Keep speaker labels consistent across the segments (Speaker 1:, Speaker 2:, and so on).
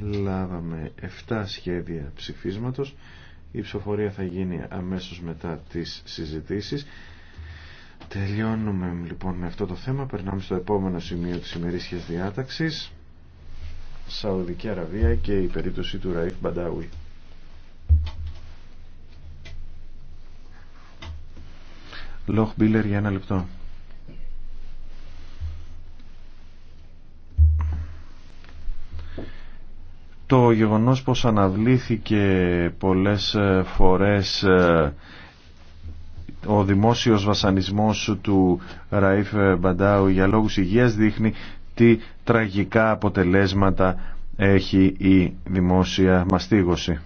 Speaker 1: λάβαμε 7 σχέδια ψηφίσματος. Η ψηφοφορία θα γίνει αμέσως μετά τις συζητήσεις. Τελειώνουμε λοιπόν με αυτό το θέμα. Περνάμε στο επόμενο σημείο της ημερήσιας διάταξης. Σαουδική Αραβία και η περίπτωση του Ραϊφ Μπαντάουι. Λοχ Μπίλερ για ένα λεπτό. το γεγονός πως αναβλήθηκε πολλές ε, φορές ε, ο δημόσιος βασανισμός του Ραΐφ ε, Μπαντάου για λόγους υγείας δείχνει τι τραγικά αποτελέσματα έχει η δημόσια μαστίγωση.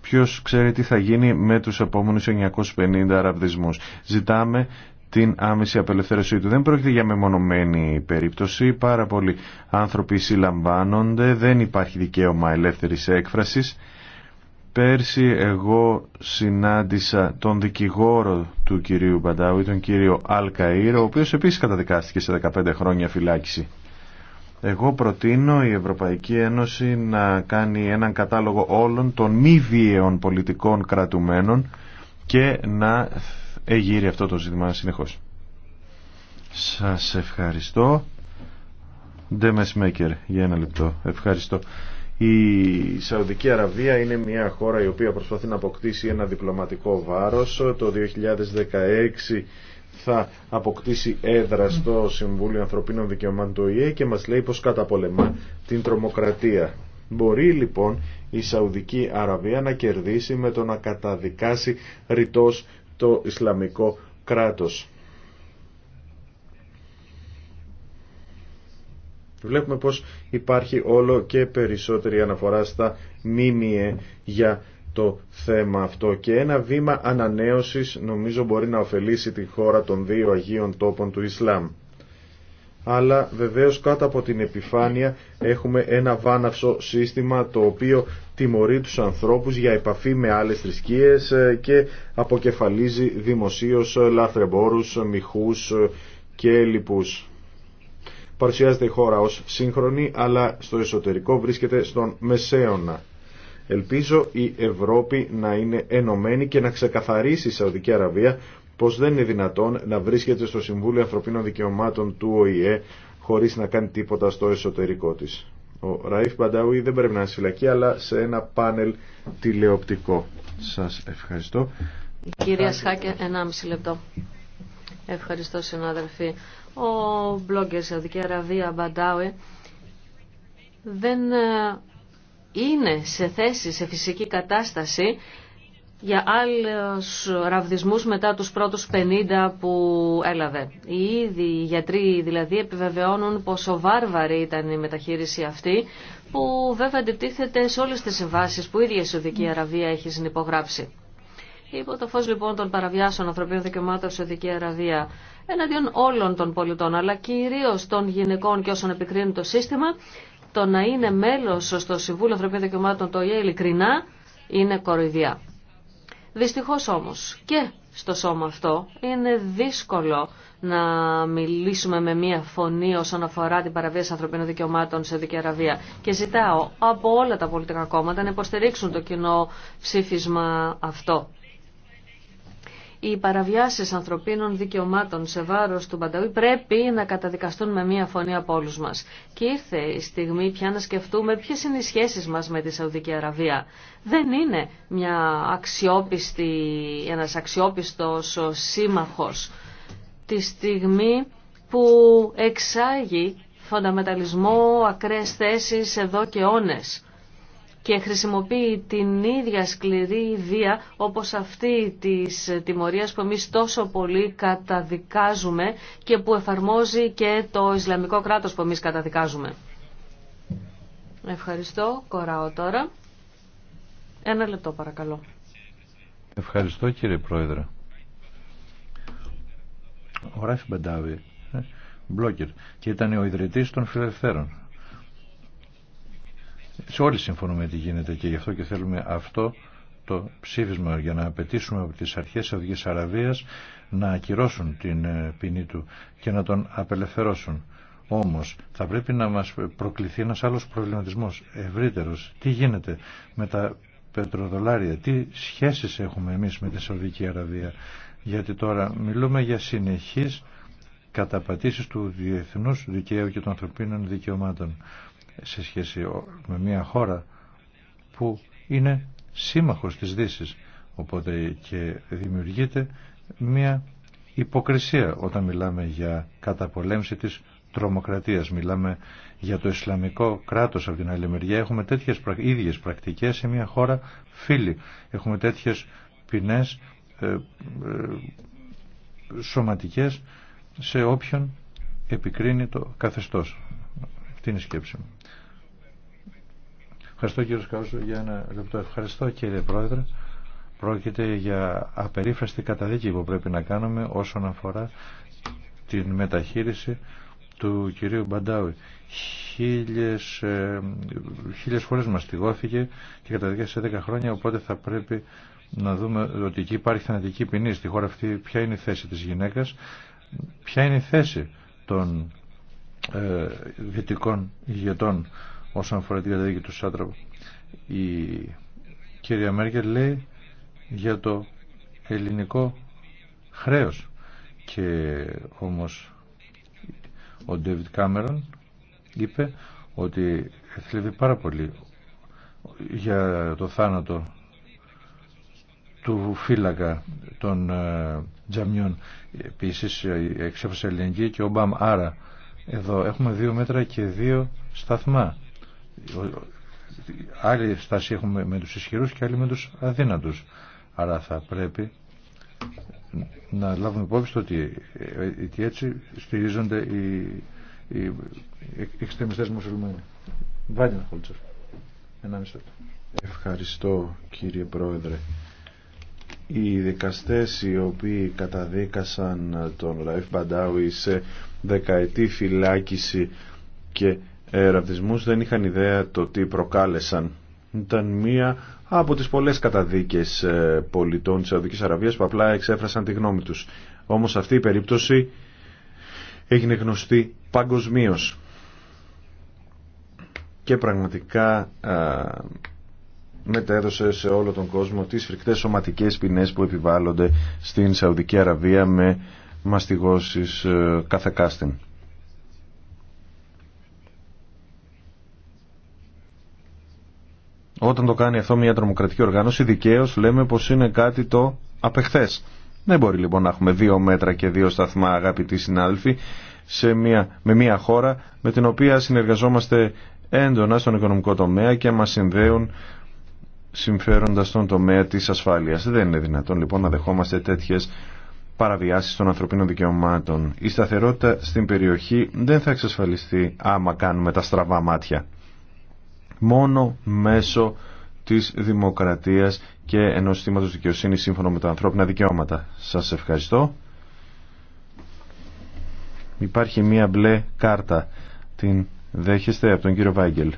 Speaker 1: Ποιος ξέρει τι θα γίνει με τους επόμενους 950 αραβδισμούς. Ζητάμε την άμεση απελευθέρωσή του. Δεν πρόκειται για μεμονωμένη περίπτωση. Πάρα πολλοί άνθρωποι συλλαμβάνονται, δεν υπάρχει δικαίωμα ελεύθερης έκφρασης. Πέρσι εγώ συνάντησα τον δικηγόρο του κυρίου Μπαντάου, τον κύριο Αλκαΐρο, ο οποίος επίσης καταδικάστηκε σε 15 χρόνια φυλάκιση. Εγώ προτείνω η Ευρωπαϊκή Ένωση να κάνει έναν κατάλογο όλων των μη βίαιων πολιτικών κρατουμένων και να εγείρει αυτό το ζήτημα συνεχώς. Σας ευχαριστώ. Ντέμες για ένα λεπτό. Ευχαριστώ. Η Σαουδική Αραβία είναι μια χώρα η οποία προσπαθεί να αποκτήσει ένα διπλωματικό βάρος. Το 2016 θα αποκτήσει έδρα στο Συμβούλιο Ανθρωπίνων Δικαιωμάτων του ΟΗΕ και μας λέει πως καταπολεμά την τρομοκρατία. Μπορεί λοιπόν η Σαουδική Αραβία να κερδίσει με το να καταδικάσει ρητός το Ισλαμικό κράτος. Βλέπουμε πως υπάρχει όλο και περισσότερη αναφορά στα μίμιε για το θέμα αυτό και ένα βήμα ανανέωσης νομίζω μπορεί να ωφελήσει τη χώρα των δύο Αγίων Τόπων του Ισλάμ αλλά βεβαίως κάτω από την επιφάνεια έχουμε ένα βάναυσο σύστημα το οποίο τιμωρεί τους ανθρώπους για επαφή με άλλες θρησκείες ε, και αποκεφαλίζει δημοσίως ε, λαθρεμπόρους, ε, μιχούς και λοιπούς. Παρουσιάζεται η χώρα ως σύγχρονη, αλλά στο εσωτερικό βρίσκεται στον Μεσαίωνα. Ελπίζω η Ευρώπη να είναι ενωμένη και να ξεκαθαρίσει η Σαουδική Αραβία πως δεν είναι δυνατόν να βρίσκεται στο Συμβούλιο Ανθρωπίνων Δικαιωμάτων του ΟΗΕ χωρίς να κάνει τίποτα στο εσωτερικό της. Ο Ραΐφ Μπανταούι δεν πρέπει να είναι φυλακή, αλλά σε ένα πάνελ τηλεοπτικό. Σας ευχαριστώ.
Speaker 2: Κυρία Σχάκε, 1,5 λεπτό. Ευχαριστώ συνάδελφοι. Ο blogger Σαουδική Αραβία Μπαντάουι δεν ε, είναι σε θέση, σε φυσική κατάσταση για άλλους ραβδισμούς μετά τους πρώτους 50 που έλαβε. Οι ίδιοι γιατροί δηλαδή επιβεβαιώνουν πόσο βάρβαρη ήταν η μεταχείριση αυτή που βέβαια αντιτίθεται σε όλες τις συμβάσεις που η ίδια η Σουδική Αραβία έχει συνυπογράψει. Υπό το φως λοιπόν των παραβιάσεων ανθρωπίνων δικαιωμάτων στη Σουδική Αραβία εναντίον όλων των πολιτών αλλά κυρίως των γυναικών και όσων επικρίνουν το σύστημα το να είναι μέλος στο Συμβούλιο Ανθρωπίνων Δικαιωμάτων το ΙΕ ειλικρινά είναι κοροϊδιά. Δυστυχώς όμως και στο σώμα αυτό είναι δύσκολο να μιλήσουμε με μία φωνή όσον αφορά την παραβίαση ανθρωπίνων δικαιωμάτων σε Δική Αραβία. Και ζητάω από όλα τα πολιτικά κόμματα να υποστηρίξουν το κοινό ψήφισμα αυτό οι παραβιάσεις ανθρωπίνων δικαιωμάτων σε βάρος του Μπανταούι πρέπει να καταδικαστούν με μία φωνή από όλου μας. Και ήρθε η στιγμή πια να σκεφτούμε ποιες είναι οι σχέσεις μας με τη Σαουδική Αραβία. Δεν είναι μια αξιόπιστη, ένας αξιόπιστος σύμμαχος τη στιγμή που εξάγει φονταμεταλισμό, ακραίες θέσεις εδώ και όνες και χρησιμοποιεί την ίδια σκληρή βία όπως αυτή της τιμωρίας που εμείς τόσο πολύ καταδικάζουμε και που εφαρμόζει και το Ισλαμικό κράτος που εμείς καταδικάζουμε. Ευχαριστώ. Κοράω τώρα. Ένα λεπτό παρακαλώ.
Speaker 3: Ευχαριστώ κύριε Πρόεδρε. Ο Ράφι Μπεντάβη, ε, μπλόκερ, και ήταν ο ιδρυτής των φιλελευθέρων σε όλοι συμφωνούμε τι γίνεται και γι' αυτό και θέλουμε αυτό το ψήφισμα για να απαιτήσουμε από τις αρχές Σαουδικής Αραβίας να ακυρώσουν την ε, ποινή του και να τον απελευθερώσουν. Όμως θα πρέπει να μας προκληθεί ένας άλλος προβληματισμός ευρύτερος. Τι γίνεται με τα πετροδολάρια, τι σχέσεις έχουμε εμείς με τη Σαουδική Αραβία. Γιατί τώρα μιλούμε για συνεχείς καταπατήσεις του διεθνούς δικαίου και των ανθρωπίνων δικαιωμάτων σε σχέση με μια χώρα που είναι σύμμαχος της Δύσης. Οπότε και δημιουργείται μια υποκρισία όταν μιλάμε για καταπολέμηση της τρομοκρατίας. Μιλάμε για το Ισλαμικό κράτος από την άλλη μεριά. Έχουμε τέτοιες ίδιες πρακτικές σε μια χώρα φίλη. Έχουμε τέτοιες ποινές ε, ε, σωματικές σε όποιον επικρίνει το καθεστώς. Αυτή είναι η σκέψη μου. Ευχαριστώ κύριο για ένα λεπτό. Ευχαριστώ κύριε Πρόεδρε. Πρόκειται για απερίφραστη καταδίκη που πρέπει να κάνουμε όσον αφορά την μεταχείριση του κυρίου Μπαντάουι. Χίλιες, ε, χίλιες φορές μας και καταδικάστηκε σε 10 χρόνια, οπότε θα πρέπει να δούμε ότι εκεί υπάρχει θανατική ποινή στη χώρα αυτή, ποια είναι η θέση της γυναίκας, ποια είναι η θέση των ε, δυτικών ηγετών όσον αφορά την καταδίκη του Σάντραβ. Η κυρία Μέρκελ λέει για το ελληνικό χρέος και όμως ο Ντέβιτ Κάμερον είπε ότι θλίβει πάρα πολύ για το θάνατο του φύλακα των ε, τζαμιών. Επίσης ε, εξέφασε ελληνική και ο Μπαμ. Άρα εδώ έχουμε δύο μέτρα και δύο σταθμά. Άλλη στάση έχουμε με τους ισχυρούς και άλλη με τους αδύνατους. Άρα θα πρέπει να λάβουμε υπόψη ε, ότι, έτσι στηρίζονται οι, οι εξτρεμιστές Ένα μισό.
Speaker 1: Ευχαριστώ κύριε Πρόεδρε. Οι δικαστές οι οποίοι καταδίκασαν τον Ραϊφ Μπαντάουι σε δεκαετή φυλάκιση και εραυσμούς δεν είχαν ιδέα το τι προκάλεσαν. Ήταν μία από τις πολλές καταδίκες ε, πολιτών της Σαουδικής Αραβίας που απλά εξέφρασαν τη γνώμη τους. Όμως αυτή η περίπτωση έγινε γνωστή παγκοσμίω. Και πραγματικά μετέδωσε σε όλο τον κόσμο τις φρικτές σωματικές ποινές που επιβάλλονται στην Σαουδική Αραβία με μαστιγώσεις ε, καθεκάστην. Όταν το κάνει αυτό μια τρομοκρατική οργάνωση, δικαίω λέμε πω είναι κάτι το απεχθέ. Δεν μπορεί λοιπόν να έχουμε δύο μέτρα και δύο σταθμά, αγαπητοί συνάδελφοι, σε μια, με μια χώρα με την οποία συνεργαζόμαστε έντονα στον οικονομικό τομέα και μα συνδέουν συμφέροντα στον τομέα τη ασφάλεια. Δεν είναι δυνατόν λοιπόν να δεχόμαστε τέτοιε παραβιάσει των ανθρωπίνων δικαιωμάτων. Η σταθερότητα στην περιοχή δεν θα εξασφαλιστεί άμα κάνουμε τα στραβά μάτια μόνο μέσω της δημοκρατίας και ενός συστήματος δικαιοσύνης σύμφωνα με τα ανθρώπινα δικαιώματα. Σας ευχαριστώ. Υπάρχει μία μπλε κάρτα. Την δέχεστε από τον κύριο Βάγγελ.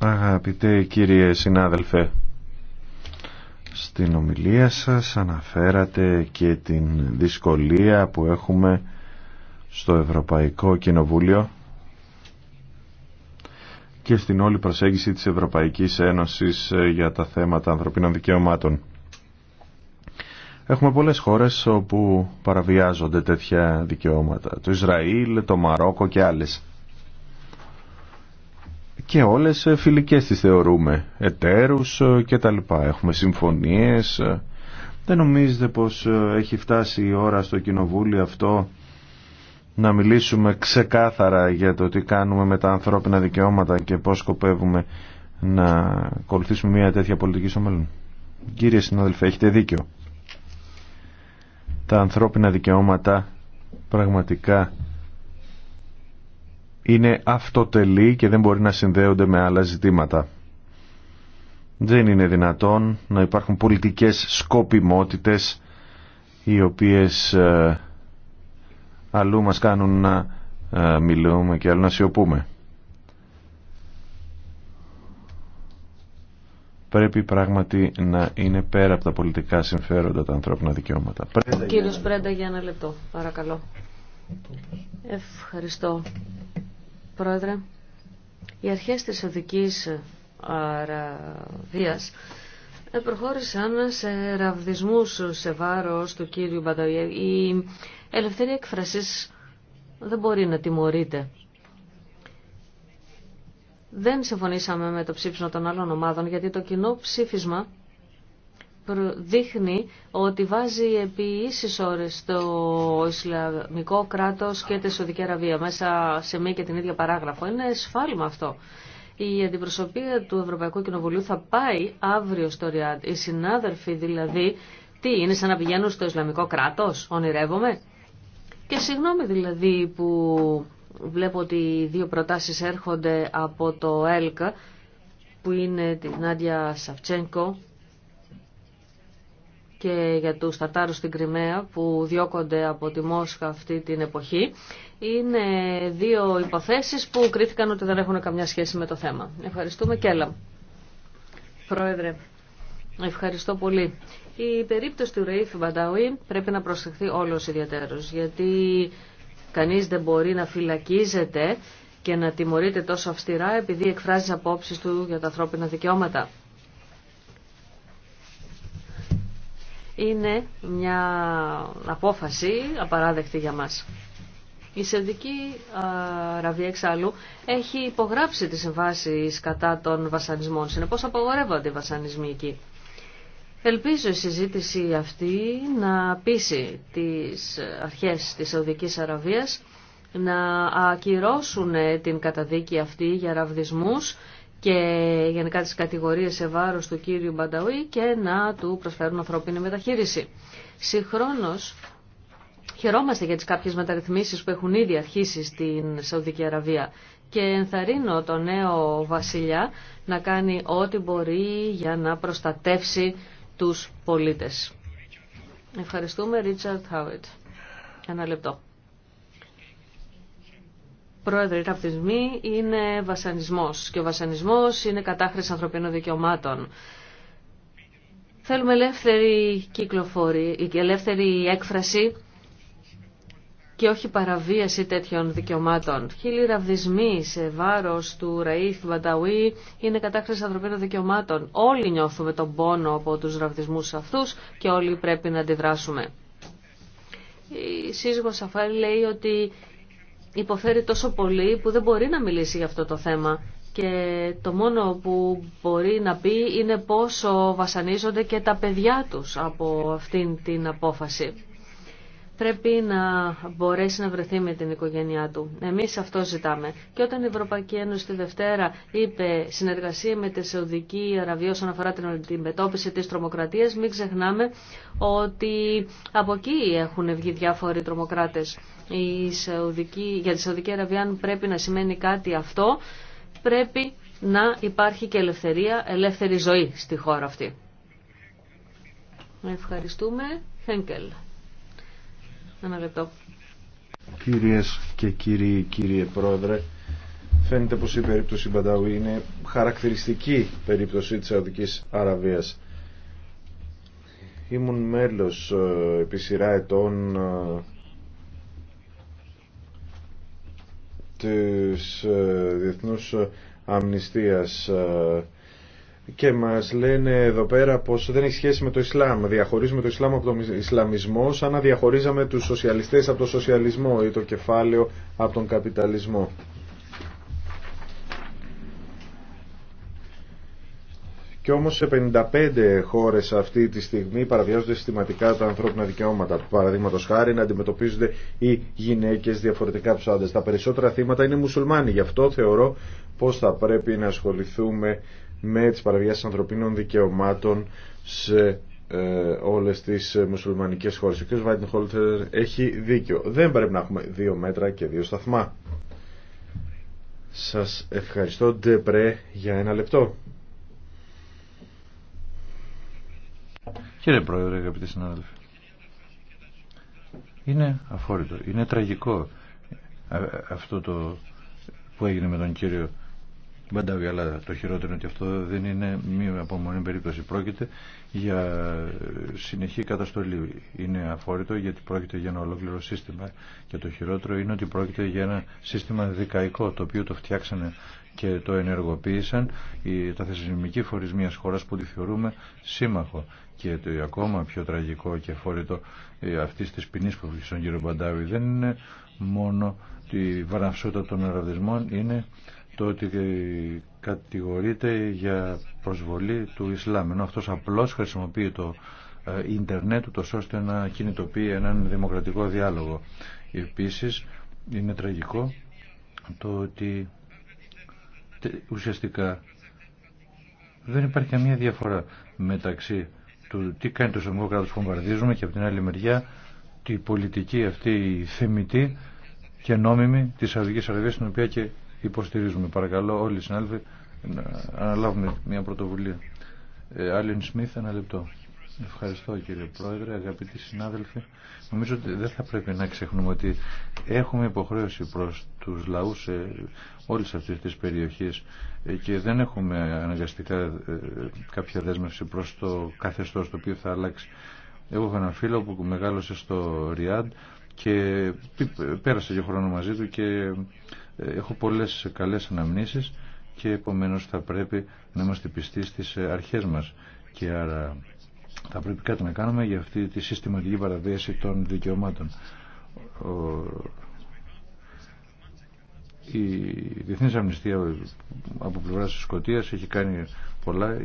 Speaker 1: Αγαπητέ κύριε συνάδελφε, στην ομιλία σας αναφέρατε και την δυσκολία που έχουμε στο Ευρωπαϊκό Κοινοβούλιο και στην όλη προσέγγιση της Ευρωπαϊκής Ένωσης ε, για τα θέματα ανθρωπίνων δικαιωμάτων. Έχουμε πολλές χώρες όπου παραβιάζονται τέτοια δικαιώματα. Το Ισραήλ, το Μαρόκο και άλλες και όλες ε, φιλικές τις θεωρούμε, εταίρους ε, και τα λοιπά. Έχουμε συμφωνίες. Ε, δεν νομίζετε πως έχει φτάσει η ώρα στο κοινοβούλιο αυτό να μιλήσουμε ξεκάθαρα για το τι κάνουμε με τα ανθρώπινα δικαιώματα και πώς σκοπεύουμε να ακολουθήσουμε μια τέτοια πολιτική στο μέλλον. Κύριε συνάδελφε, έχετε δίκιο. Τα ανθρώπινα δικαιώματα πραγματικά είναι αυτοτελή και δεν μπορεί να συνδέονται με άλλα ζητήματα. Δεν είναι δυνατόν να υπάρχουν πολιτικές σκοπιμότητες οι οποίες ε, αλλού μας κάνουν να ε, μιλούμε και αλλού να σιωπούμε. πρέπει πράγματι να είναι πέρα από τα πολιτικά συμφέροντα τα ανθρώπινα δικαιώματα. Κύριος
Speaker 2: Πρέντα για ένα λεπτό, παρακαλώ. Ευχαριστώ Πρόεδρε, οι αρχές της οδικής αραβίας ε, προχώρησαν σε ραβδισμούς σε βάρος του κύριου Μπανταουιέ. Η ελευθερία εκφρασής δεν μπορεί να τιμωρείται. Δεν συμφωνήσαμε με το ψήφισμα των άλλων ομάδων γιατί το κοινό ψήφισμα δείχνει ότι βάζει επί ίσες ώρες το Ισλαμικό κράτος και τη Σαουδική Αραβία μέσα σε μία και την ίδια παράγραφο. Είναι σφάλμα αυτό. Η αντιπροσωπεία του Ευρωπαϊκού Κοινοβουλίου θα πάει αύριο στο ΡΙΑΤ. Οι συνάδελφοι δηλαδή, τι είναι σαν να πηγαίνουν στο Ισλαμικό κράτος, ονειρεύομαι. Και συγγνώμη δηλαδή που βλέπω ότι οι δύο προτάσεις έρχονται από το ΕΛΚΑ που είναι την Νάντια Σαφτσένκο και για τους Τατάρους στην Κρυμαία που διώκονται από τη Μόσχα αυτή την εποχή είναι δύο υποθέσεις που κρίθηκαν ότι δεν έχουν καμιά σχέση με το θέμα. Ευχαριστούμε Κέλα. Πρόεδρε, ευχαριστώ πολύ. Η περίπτωση του Ρεϊφ Μπανταουή πρέπει να προσεχθεί όλος ιδιαίτερος γιατί κανείς δεν μπορεί να φυλακίζεται και να τιμωρείται τόσο αυστηρά επειδή εκφράζει απόψεις του για τα ανθρώπινα δικαιώματα. είναι μια απόφαση απαράδεκτη για μας. Η Σεουδική Αραβία εξάλλου έχει υπογράψει τις συμβάσεις κατά των βασανισμών. Συνεπώς απαγορεύονται οι βασανισμοί εκεί. Ελπίζω η συζήτηση αυτή να πείσει τις αρχές της Σαουδικής Αραβίας να ακυρώσουν την καταδίκη αυτή για ραβδισμούς και γενικά τις κατηγορίες σε βάρος του κύριου Μπανταουή και να του προσφέρουν ανθρώπινη μεταχείριση. Συγχρόνως, χαιρόμαστε για τις κάποιες μεταρρυθμίσεις που έχουν ήδη αρχίσει στην Σαουδική Αραβία και ενθαρρύνω τον νέο βασιλιά να κάνει ό,τι μπορεί για να προστατεύσει τους πολίτες. Ευχαριστούμε, Ρίτσαρτ Χάουιτ. Ένα λεπτό. Πρόεδρε, ραπτισμοί είναι βασανισμός και ο βασανισμός είναι κατάχρηση ανθρωπίνων δικαιωμάτων. Θέλουμε ελεύθερη κυκλοφορία, ελεύθερη έκφραση και όχι παραβίαση τέτοιων δικαιωμάτων. Χίλιοι ραβδισμοί σε βάρος του Ραΐθ Μπανταουί... είναι κατάχρηση ανθρωπίνων δικαιωμάτων. Όλοι νιώθουμε τον πόνο από τους ραβδισμούς αυτούς και όλοι πρέπει να αντιδράσουμε. Η σύζυγος Σαφάρη λέει ότι υποφέρει τόσο πολύ που δεν μπορεί να μιλήσει για αυτό το θέμα και το μόνο που μπορεί να πει είναι πόσο βασανίζονται και τα παιδιά τους από αυτήν την απόφαση. Πρέπει να μπορέσει να βρεθεί με την οικογένειά του. Εμείς αυτό ζητάμε. Και όταν η Ευρωπαϊκή Ένωση τη Δευτέρα είπε συνεργασία με τη Σεουδική Αραβία όσον αφορά την αντιμετώπιση της τρομοκρατίας, μην ξεχνάμε ότι από εκεί έχουν βγει διάφοροι τρομοκράτες η για τη Σαουδική Αραβία αν πρέπει να σημαίνει κάτι αυτό, πρέπει να υπάρχει και ελευθερία, ελεύθερη ζωή στη χώρα αυτή. Ευχαριστούμε. Χένκελ. Ένα λεπτό.
Speaker 1: Κυρίες και κύριοι, κύριε Πρόεδρε, φαίνεται πως η περίπτωση Μπαντάου είναι χαρακτηριστική περίπτωση της Σαουδικής Αραβίας. Ήμουν μέλος ε, επί σειρά ετών ε, της ε, Διεθνούς Αμνηστίας ε, και μας λένε εδώ πέρα πως δεν έχει σχέση με το Ισλάμ. Διαχωρίζουμε το Ισλάμ από τον Ισλαμισμό σαν να διαχωρίζαμε τους σοσιαλιστές από τον σοσιαλισμό ή το κεφάλαιο από τον καπιταλισμό. Κι όμως σε 55 χώρες αυτή τη στιγμή παραβιάζονται συστηματικά τα ανθρώπινα δικαιώματα. Παραδείγματος χάρη να αντιμετωπίζονται οι γυναίκες διαφορετικά από τους άντρες. Τα περισσότερα θύματα είναι μουσουλμάνοι. Γι' αυτό θεωρώ πως θα πρέπει να ασχοληθούμε με τις παραβιάσεις ανθρωπίνων δικαιωμάτων σε ε, όλες τις μουσουλμανικές χώρες. Ο κ. Χόλτερ έχει δίκιο. Δεν πρέπει να έχουμε δύο μέτρα και δύο σταθμά. Σας ευχαριστώ, Ντεπρέ, για ένα λεπτό. Κύριε Πρόεδρε, αγαπητοί
Speaker 3: συνάδελφοι, είναι αφόρητο, είναι τραγικό ε, αυτό το που έγινε με τον κύριο αλλά το χειρότερο είναι ότι αυτό δεν είναι μία απομονή περίπτωση. Πρόκειται για ε, συνεχή καταστολή. Είναι αφόρητο γιατί πρόκειται για ένα ολόκληρο σύστημα. Και το χειρότερο είναι ότι πρόκειται για ένα σύστημα δικαϊκό, το οποίο το φτιάξανε και το ενεργοποίησαν οι, τα θεσμική φορή μια χώρας που τη θεωρούμε σύμμαχο. Και το ακόμα πιο τραγικό και αφόρητο ε, αυτής της ποινής που στον κύριο Μπαντάβη δεν είναι μόνο τη βαραυσότητα των ραβδισμών, είναι το ότι κατηγορείται για προσβολή του Ισλάμ ενώ αυτός απλώς χρησιμοποιεί το ε, ίντερνετ ούτως ώστε να κινητοποιεί έναν δημοκρατικό διάλογο. Επίσης είναι τραγικό το ότι ουσιαστικά δεν υπάρχει καμία διαφορά μεταξύ του τι κάνει το Ισλαμικό κράτος που βομβαρδίζουμε και από την άλλη μεριά τη πολιτική αυτή θεμητή και νόμιμη της Σαουδικής Αραβίας στην οποία και υποστηρίζουμε. Παρακαλώ όλοι οι συνάδελφοι να αναλάβουμε μια πρωτοβουλία. Ε, Άλιν Σμιθ, ένα λεπτό. Ευχαριστώ κύριε Πρόεδρε, αγαπητοί συνάδελφοι. Νομίζω ότι δεν θα πρέπει να ξεχνούμε ότι έχουμε υποχρέωση προς τους λαούς όλες αυτές τις περιοχές ε, και δεν έχουμε αναγκαστικά ε, κάποια δέσμευση προς το καθεστώς το οποίο θα αλλάξει. Εγώ έχω έναν φίλο που μεγάλωσε στο Ριάντ και πέρασε για χρόνο μαζί του και έχω πολλές καλές αναμνήσεις και επομένως θα πρέπει να είμαστε πιστοί στις αρχές μας και άρα θα πρέπει κάτι να κάνουμε για αυτή τη συστηματική παραβίαση των δικαιωμάτων. Η Διεθνής Αμνηστία από πλευράς της Σκοτίας έχει κάνει πολλά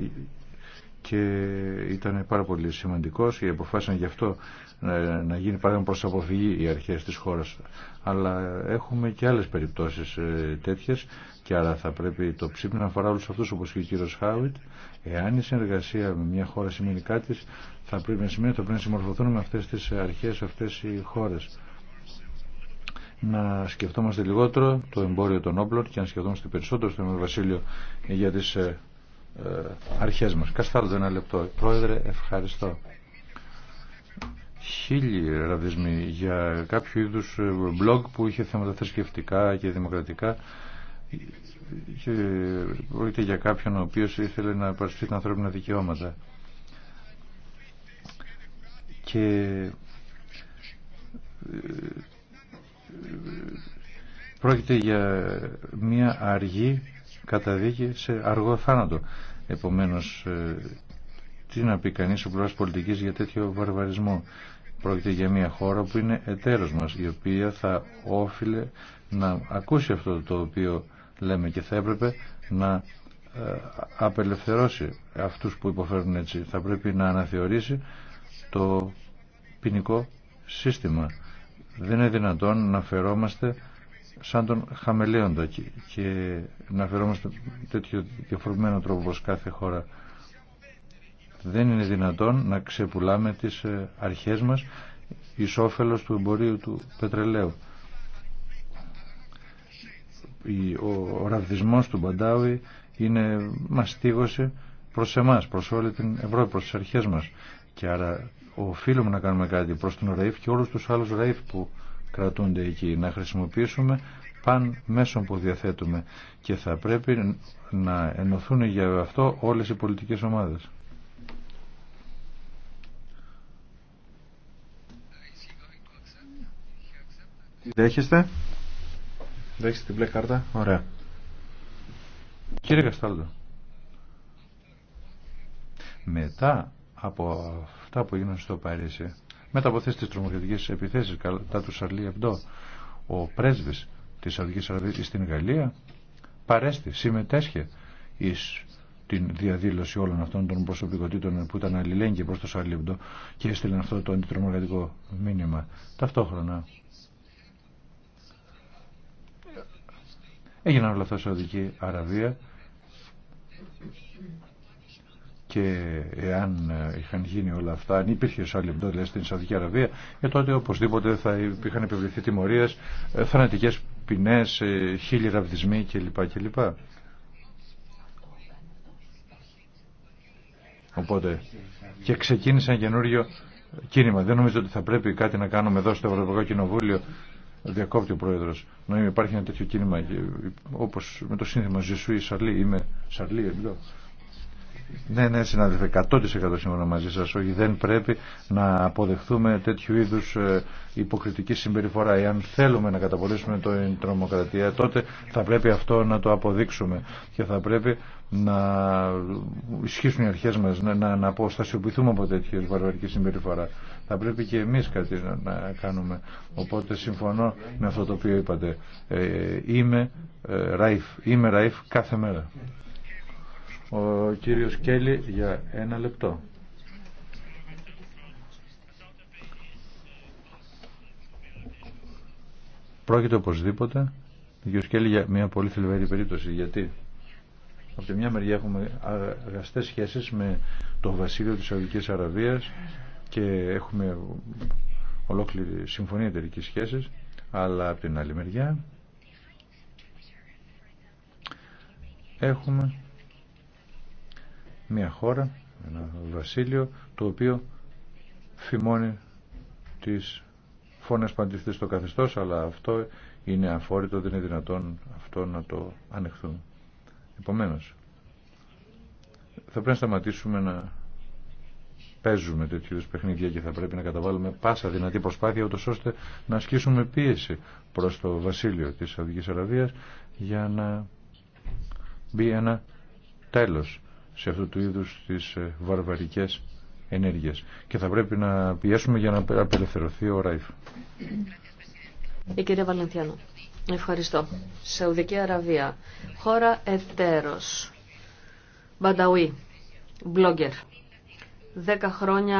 Speaker 3: και ήταν πάρα πολύ σημαντικός και αποφάσισαν γι' αυτό να γίνει παράδειγμα προς αποφυγή οι αρχές της χώρας. Αλλά έχουμε και άλλες περιπτώσεις ε, τέτοιες και άρα θα πρέπει το ψήφι να αφορά όλους αυτούς όπως και ο κύριος Χάουιτ. Εάν η συνεργασία με μια χώρα σημαίνει κάτι θα πρέπει να σημαίνει ότι πρέπει να συμμορφωθούν με αυτές τις αρχές, αυτές οι χώρες. Να σκεφτόμαστε λιγότερο το εμπόριο των όπλων και να σκεφτόμαστε περισσότερο στο Βασίλειο για τι. Ε, ε, αρχές μας. Κασφάλτο ένα λεπτό. Πρόεδρε, ευχαριστώ. Χίλιοι ραβδισμοί για κάποιο είδους ε, blog που είχε θέματα θρησκευτικά και δημοκρατικά και πρόκειται για κάποιον ο οποίος ήθελε να παρασυρθεί τα ανθρώπινα δικαιώματα. Και ε, πρόκειται για μια αργή καταδίκη σε αργό θάνατο. Επομένως, ε, τι να πει κανείς ο πολιτικής για τέτοιο βαρβαρισμό. Πρόκειται για μια χώρα που είναι εταίρος μας, η οποία θα όφιλε να ακούσει αυτό το οποίο λέμε και θα έπρεπε να ε, απελευθερώσει αυτούς που υποφέρουν έτσι. Θα πρέπει να αναθεωρήσει το ποινικό σύστημα. Δεν είναι δυνατόν να φερόμαστε σαν τον χαμελέοντα και, και να φερόμαστε τέτοιο διαφορετικό τρόπο προς κάθε χώρα. Δεν είναι δυνατόν να ξεπουλάμε τις ε, αρχές μας εις όφελος του εμπορίου του πετρελαίου. Ο ραβδισμός του Μπαντάουι είναι μαστίγωση προς εμάς, προς όλη την Ευρώπη, προς τις αρχές μας. Και άρα οφείλουμε να κάνουμε κάτι προς τον ΡΑΙΦ και όλους τους άλλους ΡΑΙΦ που κρατούνται εκεί. Να χρησιμοποιήσουμε παν μέσων που διαθέτουμε και θα πρέπει να ενωθούν για αυτό όλες οι πολιτικές ομάδες. Δέχεστε.
Speaker 1: Δέχεστε την μπλε κάρτα. Ωραία.
Speaker 3: Κύριε Καστάλτο. Μετά από αυτά που έγιναν στο Παρίσι μετά από τρομοκρατική τι επιθέσεις κατά του Σαρλί Εμπτό ο πρέσβης της Σαουδική Αραβίας στην Γαλλία παρέστη, συμμετέσχε εις την διαδήλωση όλων αυτών των προσωπικότητων που ήταν αλληλέγγυοι προς το Σαρλί Εμπτό και έστειλε αυτό το αντιτρομοκρατικό μήνυμα ταυτόχρονα έγιναν όλα αυτά στη Σαουδική Αραβία και εάν ε, είχαν γίνει όλα αυτά, αν υπήρχε σάλιμπτο δηλαδή στην Σαουδική Αραβία, ε, τότε οπωσδήποτε θα είχαν επιβληθεί τιμωρίε, ε, θανατικέ ποινέ, ε, χίλιοι ραβδισμοί κλπ. κλπ. Οπότε και ξεκίνησε ένα καινούριο κίνημα. Δεν νομίζω ότι θα πρέπει κάτι να κάνουμε εδώ στο Ευρωπαϊκό Κοινοβούλιο. Διακόπτει ο πρόεδρο. νομίζω υπάρχει ένα τέτοιο κίνημα ε, όπω με το σύνθημα ή Σαρλί. Είμαι Σαρλί, εμπλό. Ναι, ναι, συνάδελφε, 100% σύμφωνα μαζί σα. Όχι, δεν πρέπει να αποδεχθούμε τέτοιου είδου ε, υποκριτική συμπεριφορά. Εάν θέλουμε να καταπολέσουμε την ε, τρομοκρατία, τότε θα πρέπει αυτό να το αποδείξουμε και θα πρέπει να ισχύσουν οι αρχέ μα, να, να, αποστασιοποιηθούμε από τέτοιε βαρβαρική συμπεριφορά. Θα πρέπει και εμεί κάτι να, κάνουμε. Οπότε συμφωνώ με αυτό το οποίο είπατε. Ε, ε είμαι ε, ραΐφ. Είμαι ραΐφ κάθε μέρα. Ο κύριος Κέλλη για ένα λεπτό. Πρόκειται οπωσδήποτε ο κύριος Κέλλη για μια πολύ θλιβερή περίπτωση. Γιατί από τη μια μεριά έχουμε αγαστές σχέσεις με το βασίλειο της Σαουδικής Αραβίας και έχουμε ολόκληρη συμφωνία εταιρικής σχέσης αλλά από την άλλη μεριά έχουμε μια χώρα, ένα βασίλειο, το οποίο φημώνει τις φώνες που στο καθεστώς, αλλά αυτό είναι αφόρητο, δεν είναι δυνατόν αυτό να το ανεχθούν. Επομένως, θα πρέπει να σταματήσουμε να παίζουμε τέτοιου παιχνίδια και θα πρέπει να καταβάλουμε πάσα δυνατή προσπάθεια ούτως ώστε να ασκήσουμε πίεση προς το βασίλειο της Σαουδικής Αραβίας για να μπει ένα τέλος σε αυτού του είδους τις ε, βαρβαρικές ενέργειες. Και θα πρέπει να πιέσουμε για να απελευθερωθεί ο Ράιφ.
Speaker 2: Η κυρία Βαλεντιάνο. Ευχαριστώ. Σαουδική Αραβία. Χώρα εταίρος. Μπανταουί. Μπλόγκερ. Δέκα χρόνια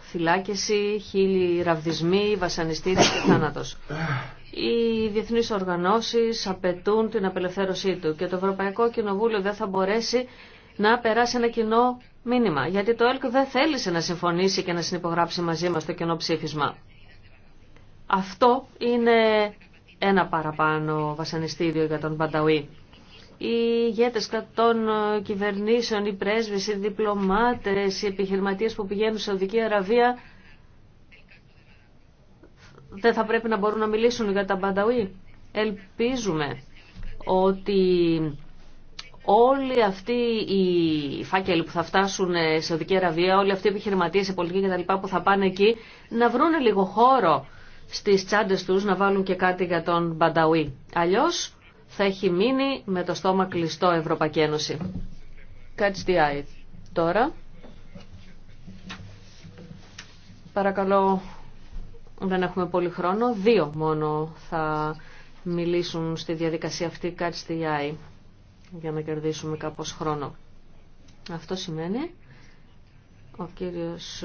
Speaker 2: φυλάκιση, χίλιοι ραβδισμοί, βασανιστήρια και θάνατος. Οι διεθνείς οργανώσεις απαιτούν την απελευθέρωσή του και το Ευρωπαϊκό Κοινοβούλιο δεν θα μπορέσει να περάσει ένα κοινό μήνυμα. Γιατί το ΕΛΚ δεν θέλησε να συμφωνήσει και να συνυπογράψει μαζί μας το κοινό ψήφισμα. Αυτό είναι ένα παραπάνω βασανιστήριο για τον Πανταουή. Οι ηγέτες των ε, κυβερνήσεων, οι πρέσβεις, οι διπλωμάτες, οι επιχειρηματίες που πηγαίνουν σε Οδική Αραβία δεν θα πρέπει να μπορούν να μιλήσουν για τα Πανταουή. Ελπίζουμε ότι όλοι αυτοί οι φάκελοι που θα φτάσουν σε οδική Αραβία, όλοι αυτοί οι επιχειρηματίε, οι πολιτικοί κτλ. που θα πάνε εκεί, να βρουν λίγο χώρο στι τσάντε του να βάλουν και κάτι για τον Μπανταουί. Αλλιώ θα έχει μείνει με το στόμα κλειστό Ευρωπαϊκή Ένωση. Catch the eye. Τώρα. Παρακαλώ, δεν έχουμε πολύ χρόνο. Δύο μόνο θα μιλήσουν στη διαδικασία αυτή. Catch για να κερδίσουμε κάπως χρόνο. Αυτό σημαίνει ο κύριος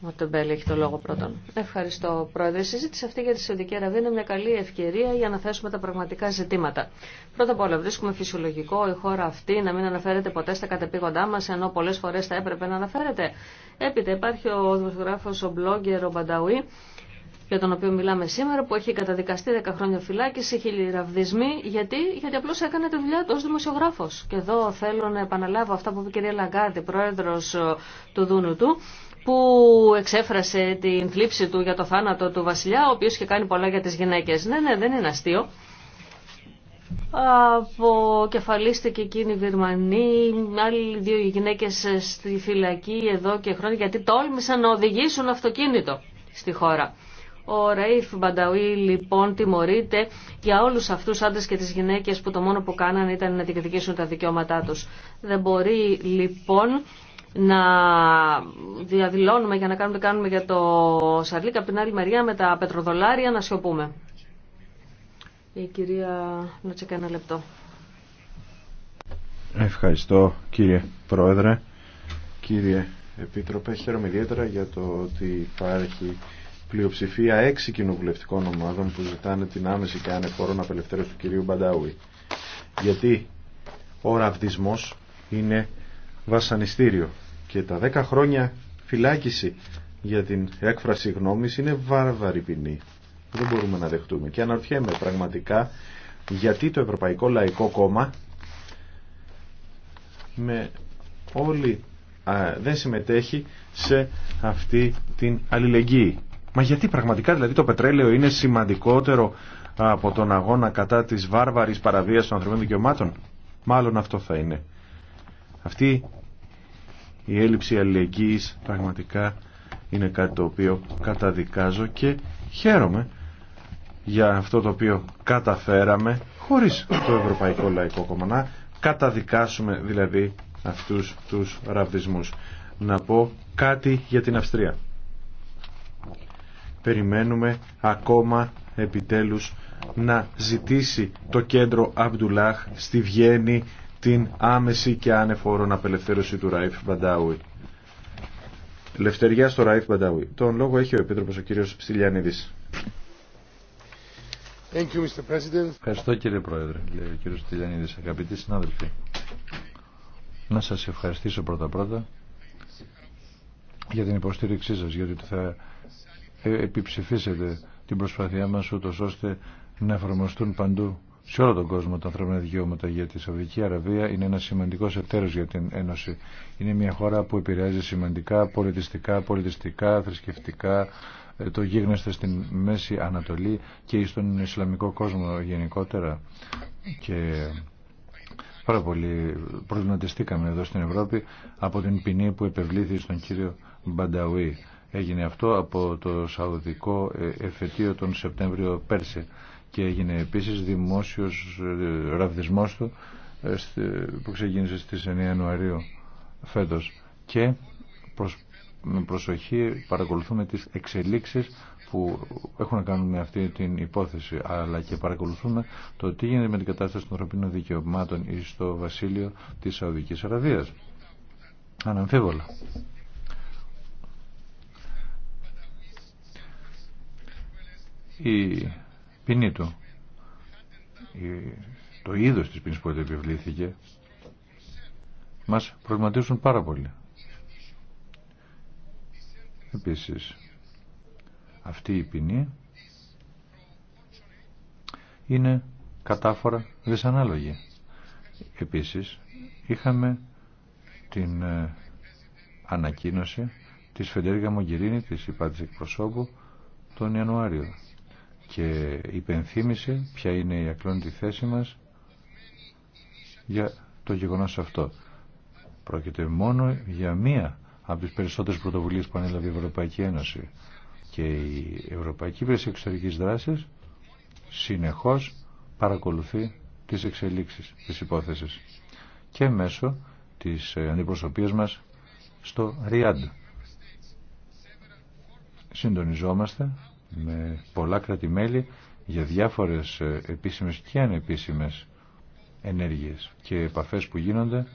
Speaker 2: Μοτεμπέλη έχει το λόγο πρώτον. Ευχαριστώ, Πρόεδρε. Η συζήτηση αυτή για τη Σαουδική Αραβία είναι μια καλή ευκαιρία για να θέσουμε τα πραγματικά ζητήματα. Πρώτα απ' όλα, βρίσκουμε φυσιολογικό η χώρα αυτή να μην αναφέρεται ποτέ στα κατεπήγοντά μα, ενώ πολλέ φορέ θα έπρεπε να αναφέρεται. Έπειτα υπάρχει ο δημοσιογράφο, ο blogger, ο Μπανταουή, για τον οποίο μιλάμε σήμερα, που έχει καταδικαστεί 10 χρόνια φυλάκιση, χιλιραυδισμοί. Γιατί, γιατί απλώ έκανε τη δουλειά του ω δημοσιογράφο. Και εδώ θέλω να επαναλάβω αυτά που είπε η κυρία Λαγκάρτη, πρόεδρο ε, του Δούνου του, που εξέφρασε την θλίψη του για το θάνατο του βασιλιά, ο οποίο είχε κάνει πολλά για τι γυναίκε. Ναι, ναι, δεν είναι αστείο. Από εκείνη η Βυρμανή, άλλοι δύο γυναίκε στη φυλακή εδώ και χρόνια, γιατί τόλμησαν να οδηγήσουν αυτοκίνητο στη χώρα. Ο Ραϊφ Μπανταουή λοιπόν τιμωρείται για όλους αυτούς άντρες και τις γυναίκες που το μόνο που κάνανε ήταν να διεκδικήσουν τα δικαιώματά τους. Δεν μπορεί λοιπόν να διαδηλώνουμε για να κάνουμε κάνουμε για το Σαρλίκα από την άλλη μεριά με τα πετροδολάρια να σιωπούμε. Η κυρία Νότσεκα ένα λεπτό.
Speaker 1: Ευχαριστώ κύριε Πρόεδρε, κύριε Επίτροπε. Χαίρομαι ιδιαίτερα για το ότι υπάρχει πλειοψηφία έξι κοινοβουλευτικών ομάδων που ζητάνε την άμεση και να απελευθέρωση του κυρίου Μπαντάουι. Γιατί ο ραβδισμός είναι βασανιστήριο και τα δέκα χρόνια φυλάκιση για την έκφραση γνώμης είναι βάρβαρη ποινή. Δεν μπορούμε να δεχτούμε. Και αναρωτιέμαι πραγματικά γιατί το Ευρωπαϊκό Λαϊκό Κόμμα με όλη, δεν συμμετέχει σε αυτή την αλληλεγγύη. Μα γιατί πραγματικά δηλαδή το πετρέλαιο είναι σημαντικότερο από τον αγώνα κατά της βάρβαρης παραβίας των ανθρωπίνων δικαιωμάτων. Μάλλον αυτό θα είναι. Αυτή η έλλειψη αλληλεγγύης πραγματικά είναι κάτι το οποίο καταδικάζω και χαίρομαι για αυτό το οποίο καταφέραμε χωρίς το Ευρωπαϊκό Λαϊκό Κόμμα καταδικάσουμε δηλαδή αυτούς τους ραβδισμούς. Να πω κάτι για την Αυστρία περιμένουμε ακόμα επιτέλους να ζητήσει το κέντρο Αμπτουλάχ στη Βιέννη την άμεση και ανεφόρον απελευθέρωση του Ραΐφ Μπαντάουι. Λευτεριά στο Ραΐφ Μπαντάουι. Τον λόγο έχει ο Επίτροπος ο κύριος Στυλιανίδης.
Speaker 3: Thank you, Mr. President. Ευχαριστώ κύριε Πρόεδρε, λέει ο κύριος Στυλιανίδης, αγαπητοί συνάδελφοι. Να σας ευχαριστήσω πρώτα-πρώτα για την υποστήριξή σας, γιατί θα ε, επιψηφίσετε την προσπάθειά μας ούτω ώστε να εφαρμοστούν παντού σε όλο τον κόσμο τα ανθρώπινα δικαιώματα γιατί η Σαουδική Αραβία είναι ένα σημαντικό εταίρος για την Ένωση. Είναι μια χώρα που επηρεάζει σημαντικά πολιτιστικά, πολιτιστικά, θρησκευτικά, ε, το γίγνεσθε στην Μέση Ανατολή και στον Ισλαμικό κόσμο γενικότερα. Και πάρα πολύ προβληματιστήκαμε εδώ στην Ευρώπη από την ποινή που επευλήθη στον κύριο Μπανταουή. Έγινε αυτό από το Σαουδικό ε, εφετείο τον Σεπτέμβριο πέρσι και έγινε επίσης δημόσιος ε, ραβδισμός του ε, που ξεκίνησε στις 9 Ιανουαρίου φέτος και με προσοχή παρακολουθούμε τις εξελίξεις που έχουν να κάνουν με αυτή την υπόθεση αλλά και παρακολουθούμε το τι γίνεται με την κατάσταση των ανθρωπίνων δικαιωμάτων στο βασίλειο της Σαουδικής Αραβίας. Αναμφίβολα. η ποινή του, το είδος της ποινής που επιβλήθηκε, μας προβληματίζουν πάρα πολύ. Επίσης, αυτή η ποινή είναι κατάφορα δυσανάλογη. Επίσης, είχαμε την ε, ανακοίνωση της Φεντέργα Μογκυρίνη, της υπάτης εκπροσώπου, τον Ιανουάριο και υπενθύμησε ποια είναι η ακλόνητη θέση μας για το γεγονός αυτό. Πρόκειται μόνο για μία από τις περισσότερες πρωτοβουλίες που ανέλαβε η Ευρωπαϊκή Ένωση και η Ευρωπαϊκή Υπηρεσία Εξωτερικής Δράσης συνεχώς παρακολουθεί τις εξελίξεις της υπόθεσης και μέσω της αντιπροσωπείας μας στο Ριάντ. Συντονιζόμαστε με πολλά κράτη-μέλη για διάφορες ε, επίσημες και ανεπίσημες ενέργειες και επαφές που γίνονται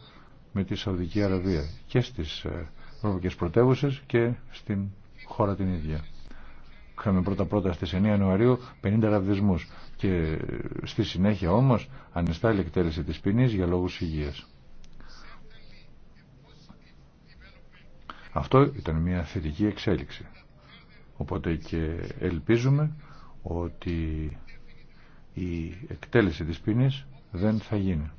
Speaker 3: με τη Σαουδική Αραβία και στις ε, ευρωπαϊκές πρωτεύουσες και στην χώρα την ίδια. Είχαμε πρώτα-πρώτα στις 9 Ιανουαρίου 50 ραβδισμούς και ε, στη συνέχεια όμως ανεστάλλει εκτέλεση της ποινής για λόγους υγείας. Αυτό ήταν μια θετική εξέλιξη. Οπότε και ελπίζουμε ότι η εκτέλεση της ποινής δεν θα γίνει.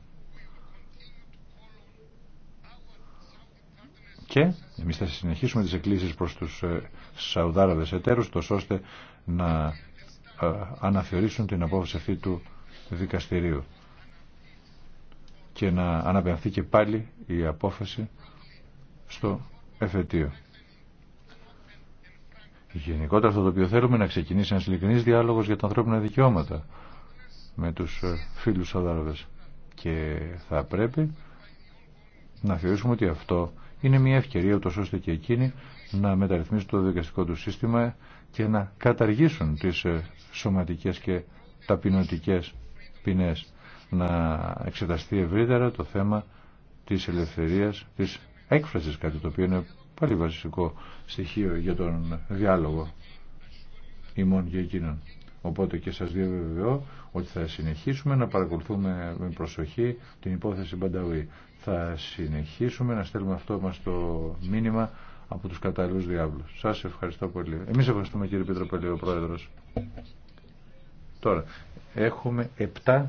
Speaker 3: Και εμείς θα συνεχίσουμε τις εκκλήσεις προς τους ε, Σαουδάραβες εταίρους, τόσο ώστε να ε, αναθεωρήσουν την απόφαση αυτή του δικαστηρίου και να αναπαινθεί και πάλι η απόφαση στο εφετείο γενικότερα αυτό το οποίο θέλουμε να ξεκινήσει ένας ειλικρινής διάλογος για τα ανθρώπινα δικαιώματα με τους ε, φίλους Σαδάραβε. και θα πρέπει να θεωρήσουμε ότι αυτό είναι μια ευκαιρία ούτως ώστε και εκείνοι να μεταρρυθμίσουν το δικαστικό του σύστημα και να καταργήσουν τις ε, σωματικές και ταπεινωτικές ποινές να εξεταστεί ευρύτερα το θέμα της ελευθερίας, της έκφρασης κάτι το οποίο είναι πάλι βασικό στοιχείο για τον διάλογο ημών και εκείνων. Οπότε και σας διαβεβαιώ ότι θα συνεχίσουμε να παρακολουθούμε με προσοχή την υπόθεση Μπανταουή. Θα συνεχίσουμε να στέλνουμε αυτό μας το μήνυμα από τους κατάλληλους διάβλους. Σας ευχαριστώ πολύ. Εμείς ευχαριστούμε
Speaker 1: κύριε Πίτρο Πρόεδρος. Τώρα, έχουμε 7